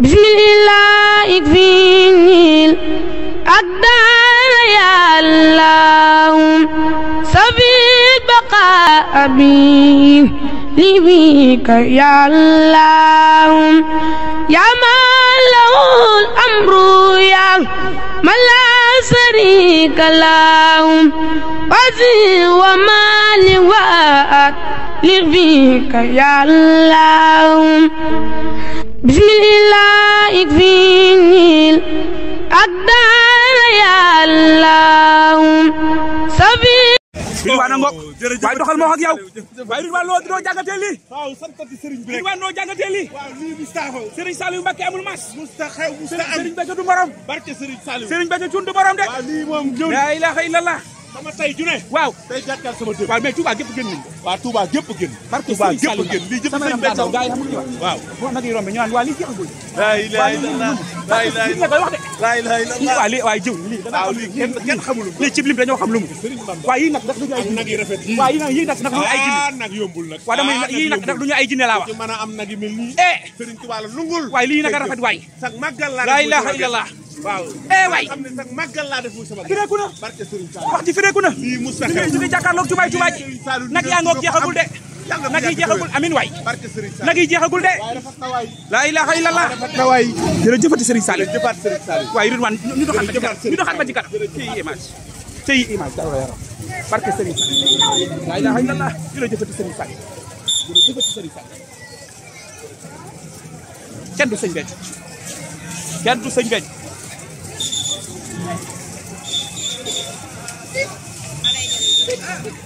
بسم الله يكفيني الأقدار يا الله صبي بقى بي لبيك يا الله يا ما له الأمر يا من لا شريك له وزي ومال وأت لربك يا الله بسم الله اكفيني الأقدار يا الله سبي waa a ngoog waaye doxal ma wax ak yow waaye Ridwaan loo doo jàngatee lii waaw santati Serigne bi Ridwaan noo jàngatee lii waaw lii Moustapha mas musta xew du morom de waaw lii moom la ilaha illallah sama tay ju ne waaw tay jàkkal sama dëkk waaw mais Touba gépp gën nañ waaw Touba gépp gën barke nag yi rombe ñu naan waa lii jeexagul la ilaha illallah la waaye lii waaye jiw lii danaa xam lii kenn xamul lii cib lim dañoo xam lu mu waaye yii nag ndax duñu ay jinne nag yi rafet yii waaye yii a am nag eh. la lungul a rafet waay sax màggal laa laa ilaha illallah eh, waay xam ne sax lii mu sax ñu ngi jàkkaarloog jumaay Touba ji nag yaa ngoog de nag yi jeexagul amin waay nag yi jeexagul de laa ilaaha illallah jërëjëfati Serigne Saliou waay Ridwan ñu doxaat ñu doxaat ba ci kanam tey image tey image daaw la yaram barke Serigne Saliou laa ilaaha illallah jërëjëfati Serigne Saliou jërëjëfati Serigne Saliou kenn du sëñ Béthio kenn du sëñ Béthio Thank you.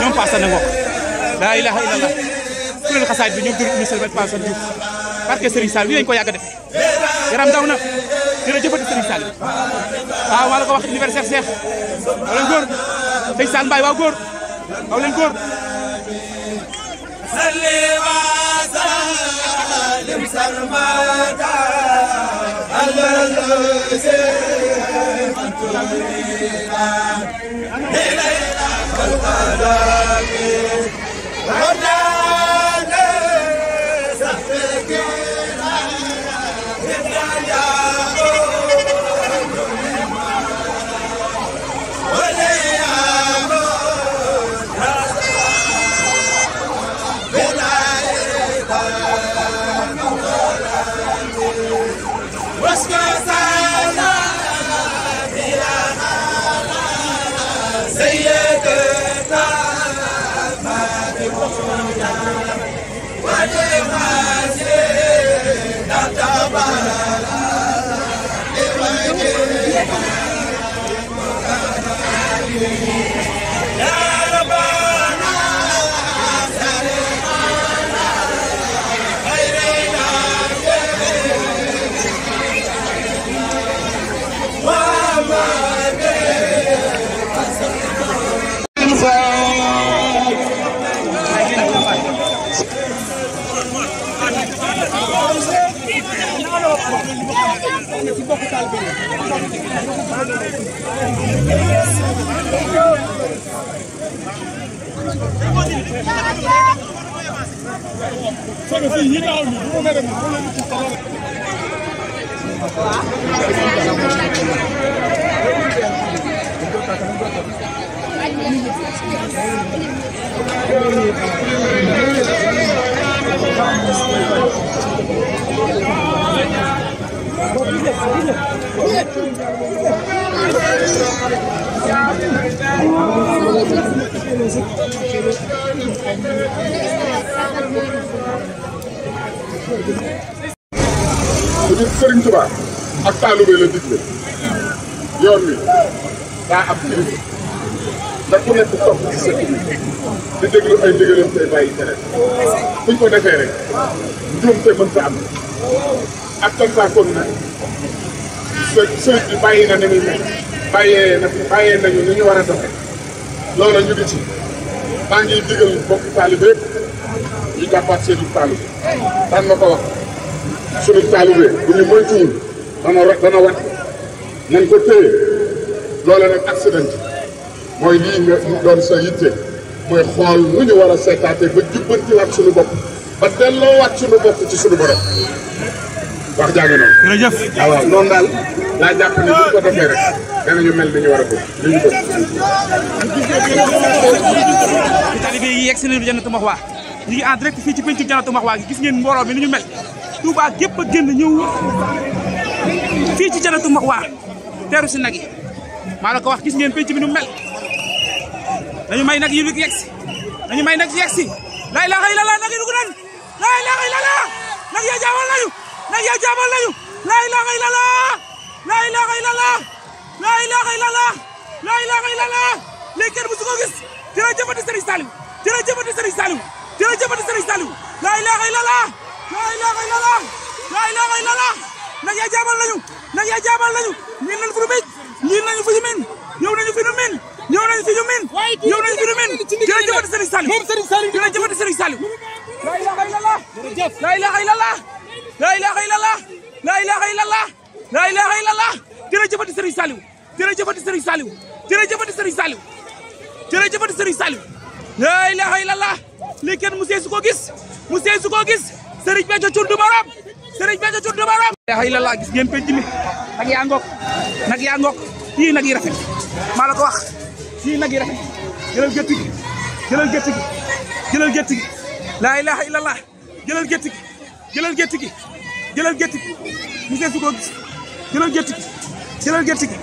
ñoom Pa Assane Ngok laa ilaha illallah kuréel xasaayit bi ñoom jërëjëf monsieur Pa Assane Diouf parce que Serigne Sall lii lañ ko yàgg a def yaram daw na dina jëfati Serigne Sall waaw maa la ko wax anniversaire Cheikh waaw leen góor Serigne Sall Mbaye waaw góor waaw leen góor salli wa إلينا كالقدم ci mbokku taal bi sono fi yi taw ni do mere mo leen ci taw Thank you. su ñu Sëriñ Tuubaa ak taalibe la digle yoon wi daa am kilifa ndax ku nekk topp ci sa kilifa di déglu ay ndigalam tey bàyyi tere buñ ko defee rek njuum te mën sa ak Texas nag së bi bàyyi na ne muy mel ñu war a doxe loolu ñu ngi ci maa ngi digal bokki taalibe yëpp ñu jàppaat seenu taalibe daan ma ko wax sunu taalibe bu ñu moytuwul dana dana wat nañ ko téye loola nag accident mooy lii nga doon sa yitte mooy xool nu ñu war a seetaate ba jubbantiwaat suñu bopp ba delloowaat sunu bopp ci sunu borom wax jaage noonu. jërëjëf waaw noonu daal laa jàpp ne bu ko defee rek danañu mel ni ñu war a bëgg li ñu bëgg. talibé yi yegg si nañu jannatu maxwa ñu ngi en direct fii ci pencu jannatu maxwa gi gis ngeen mbooloo mi ni ñu mel Touba gépp a génn ñëw fii ci jannatu maxwa teeru si nag yi maa la ko wax gis ngeen penc bi nu mel dañu may nag yi yegg dañu may nag yegg si laa illallah nag yi dugg nañ laa ilaaha illallah nag ya jaawal nañu na yow jaamal lañu la ilaha illallah la ilaha illallah la ilaha illallah la ilaha illallah lii kenn musu ko gis jërëjëfati Serigne Saliou jërëjëfati Serigne Saliou jërëjëfati Serigne Saliou la ilaha illallah la ilaha illallah la ilaha illallah na yow jaamal lañu na yow jaamal lañu ñin nañu fu ñu miin ñin nañu fu ñu miin ñëw nañu fi ñu miin ñëw nañu fi ñu miin ñëw nañu fi ñu miin jërëjëfati Serigne Saliou jërëjëfati Serigne Saliou la ilaha illallah la ilaha illallah laa ilaaha illallah laa ilaaha illallah laa ilaaha illallah jërëjëfati Serigne Saliou jërëjëfati Serigne Saliou jërëjëfati Serigne Saliou jërëjëfati Serigne Saliou laa ilaaha illallah lii kenn mu seesu ko gis mu seesu ko gis Serigne Béthio Thioune du morom Serigne Béthio Thioune du morom laa ilaaha illallah gis ngeen penc mi nag yaa ngok nag yaa ngok yii nag yi rafet maa la ko wax yii nag yi rafet jëlal gëtt gi jëlal gëtt gi jëlal gëtt gi laa ilaaha illallah jëlal gëtt gi jëlal gëtt gi jëlal gétt gi mu seesu koo gis jëlal gétt gi jëlal gétt gi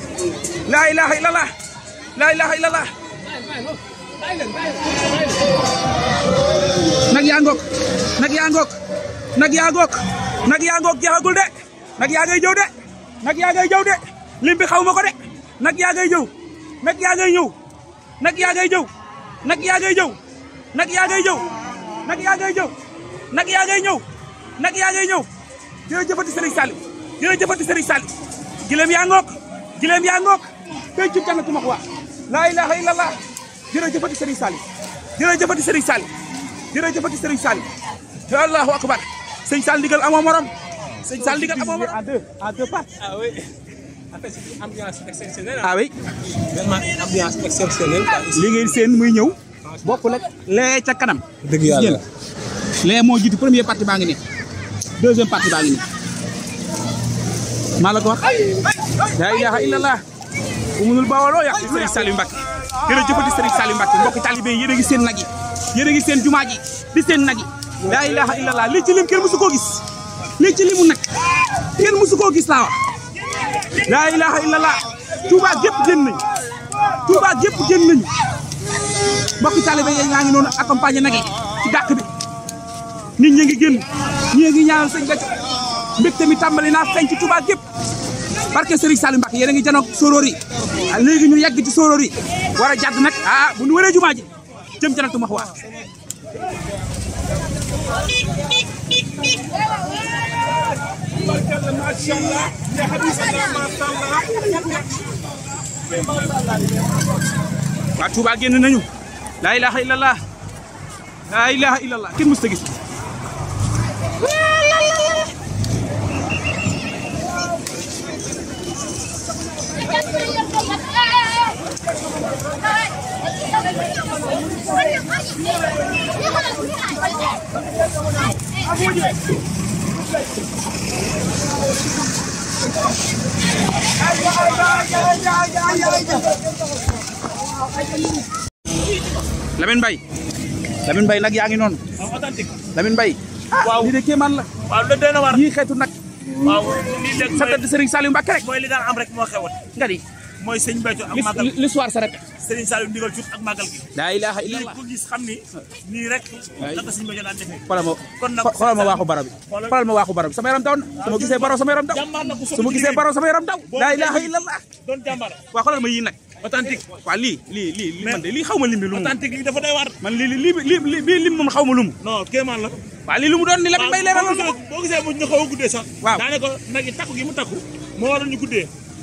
laa ilaha illallah laa ilaha illallah nag yaa ngoog nag yaa ngoog nag yaa ngoog nag yaa ngoog jeexagul de nag yaa ngay jëw de nag yaa ngay jëw de lim bi xaw ma ko de nag yaa ngay jëw nag yaa ngay ñëw nag yaa ngay jëw nag yaa ngay jëw nag yaa ngay jëw nag yaa ngay jëw nag yaa ngay ñëw nag yaa ngay ñëw jërëjëfati Serigne Saliou jërëjëfati Serigne Saliou gileem yaa ngoog gileem yaa ngoog tey jub jànnatu maxwa laa ilaha illallah jërëjëfati Serigne Saliou jërëjëfati Serigne Serigne ya Allahu akbar Serigne Saliou ndigal amoo morom Serigne Saliou ndigal amoo morom à deux à deux pas ah oui ambiance exceptionnelle ah oui vraiment ambiance exceptionnelle li ngeen seen muy ñëw bokk nag lee ca kanam dëgg yàlla premier parti deuxième partie baa ngi nii maa la ko wax laa ilaaha illallah ku mënul bawoloo yàq Serigne Saliou Mbacké jërëjëfati Serigne Saliou Mbacké mbokki talibé yi yéen a ngi seen nag yi yéen a ngi seen jumaa seen nag yi laa ilaaha illallah lii ci lim kenn mësu koo gis lii ci limu nag kenn mësu koo gis laa wax laa ilaaha illallah Touba gépp génn nañu Touba gépp génn nañu mbokki talibé yi ñaa ngi noonu accompagné nag yi ci dàq bi nit ngi génn ñi ngi ñaan seigne becc mbekté mi tambali na fenc touba gep ngi sorori ah, legi ñu yegg ci sorori wara jadd nak ah bu ñu wéré juma ji jëm janatu mahwa ما touba genn nañu la ilaha illallah la ilaha illallah ken mustagis Lamin Bay Lamin Bay lagi yaa non Lamin Bay ah. waaw ni de man la waaw la deena war yi xeetu nak waaw ni de sant Serigne salim Mbacké rek moy li dal am rek mo xewoon nga moy sëñ Béthio ak magal li soir sa rek sëriñ Saliou ndigal cuut ak magal gi la ilaha illallah ko gis xamni ni rek la ko sëñ Béthio daan defee kon nak xoolal ma waaxu barab bi xoolal ma waaxu barab sama yaram taw sama su ma gisee baro sama yaram taw sama ma gisee baro sama yaram taw la ilaha illallah don jambar wa xoolal ma yii nag authentique wa li li li man de li xawma limi lu authentique li dafa day war man li li li bii lim mom xawma lu non keman la wa li lu mu don ni la bay leeral bo gisee mu ñu xaw a guddee sax daanaka nag yi takku gi mu takku mo waru ñu guddee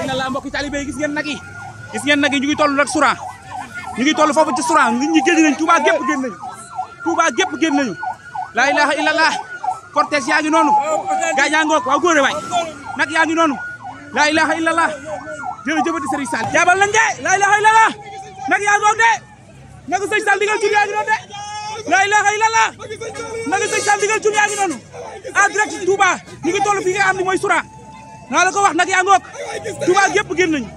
xëy na la mbokki talibé yi gis ngeen nag yi gis ngeen nag yi ñu ngi toll rek Sourah ñu ngi toll foofu ci Sourah nit ñi génn nañ Touba gépp génn nañu Touba gépp génn nañu laa ilaha illallah cortège yaa nonu. noonu gaa ñaa ngoog waaw góore waay nonu. La ilaha illallah jërëjëfati Serigne Sall jaabal lañ de laa ilaha illallah nag yaa ngoog de nag sëñ Sall digal jur yaa ngi de laa ilaha illallah nag sëñ Sall digal jur yaa ngi noonu en direct Touba ñu ngi toll fi nga xam ne mooy Sourah naa la ko wax nag yaa ngoog Touba gépp génn nañu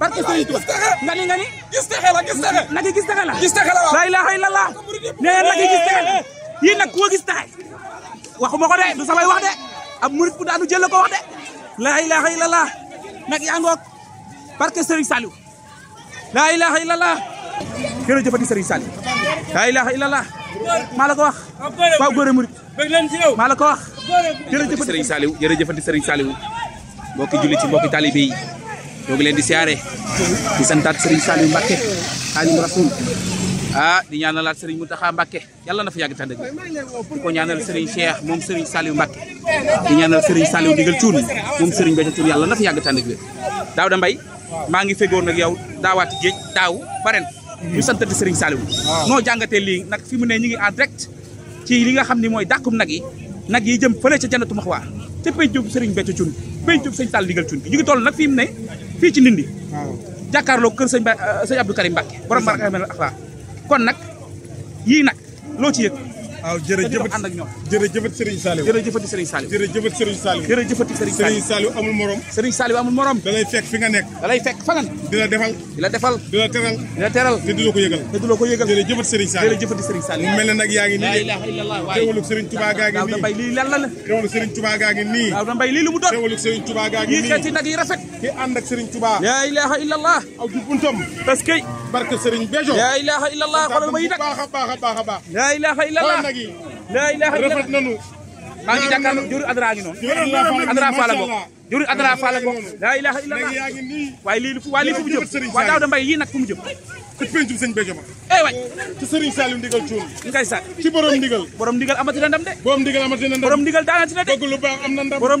barke Sëriñ Touba nga ni nga ni gis texe la gis texe nag gis texe la gis texe la la ilaha illallah nee nag ko de du samay wax de ab murit bu daanu jël la ko wax de la ilaha illallah nag yaa ngoog barke Sëriñ Saliou la ilaha illallah jërëjëfati la ilaha illallah maa la wax waaw góor a murit maa la ko wax jërëjëfati Sëriñ Saliou jërëjëfati Sëriñ Saliou bokki julli ci mbokki talibi do ngi len di siaré di santat Serigne salim Mbacké Xaadimu rasoul ah di ñaanalaat Serigne Mountakha Mbacké yalla na fa yag tan di ko ñaanal Serigne Cheikh mom Serigne salim Mbacké di ñaanal Serigne salim ndigal Thioune mom Serigne Béthio Thioune yalla na fa yàgg tànd daaw da mbay ma ngi fegoon ak yow daawaati geej daw baren ñu santat Serigne salim no jangate li nak fimu ne ñi ngi en direct ci li nga xamni moy dakum nak yi nak yi jëm fele ci jannatu makhwa te pencum seriñ Béthio Thioune pencum sëñ Tall Ndigal Thioune ñu ngi toll nag fi mu ne fii ci Ndindi jàkkaarloo kër sëñ euh, sëñ Abdou Karim Mbacke borom Magal Akhlaq kon nag yii nag loo ci yëg waaw jërëjëf ànd ak ñoom jërëjëfati Serigne Saliou jërëjëfati Serigne Saliou jërëjëfati Serigne Saliou jërëjëfati Serigne Saliou Serigne Saliou amul morom Serigne Saliou amul morom da lay fekk fi nga nekk da lay fekk fa nga nekk di la defal di la defal di la teral di la teral te du la ko yëgal te du la ko yëgal jërëjëfati Serigne Saliou jërëjëfati Serigne Saliou mu mel ne nag yaa ngi nii teewaluk Serigne Touba gaa ngi nii da mbay lii lan la teewaluk Serigne Touba gaa ngi nii da mbay lii lu mu doon teewaluk Serigne Touba gaa ngi nii yi xeeti nag yi rafet ki ànd ak Serigne Touba la ilaha illallah aw di buntam parce que barke Serigne Béthio. laa ilaaha illallah xoolal ma yi nag baax a baax a baax a baax. laa ilaaha illallah xoolal nag yi. laa ilaaha illallah rafet nañu. maa waaye lii fu mu jëm waaye Daouda Mbaye yii nag fu mu jëm. ci pencum sëñ Béthio ma. eh waay. ci borom eh, ndigal. borom ndigal amati na de. borom ndigal amati na de. bëgg lu baax na ndam borom a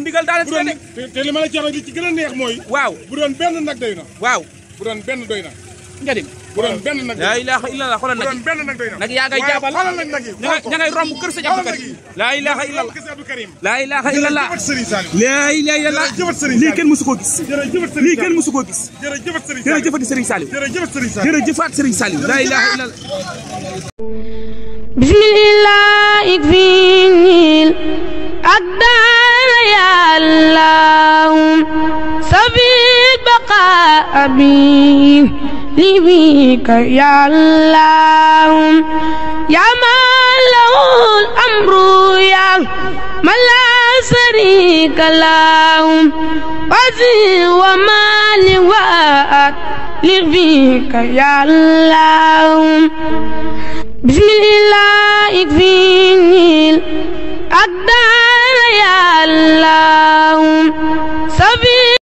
neex mooy. waaw njëriñ bu doon benn nag laa ilaha illallah xoolal nag benn nag day nag yaa ngay jaabal xoolal nag nag ña ngay romb kër sëñ Abdou Karim laa ilaha illallah Abdou Karim laa ilaha illallah laa ilaha illallah lii kenn mësu koo gis lii kenn mësu koo gis jërëjëfati Serigne Saliou jërëjëfaat Serigne Saliou laa ilaha illallah bismillah ikfinil أقدار يا الله سبيل بقاء أبي لبيك يا الله يا من له الأمر يا من لا شريك له وزي وما وأك لبيك يا الله بسم الله اكفيني الأقدار يا الله سبيل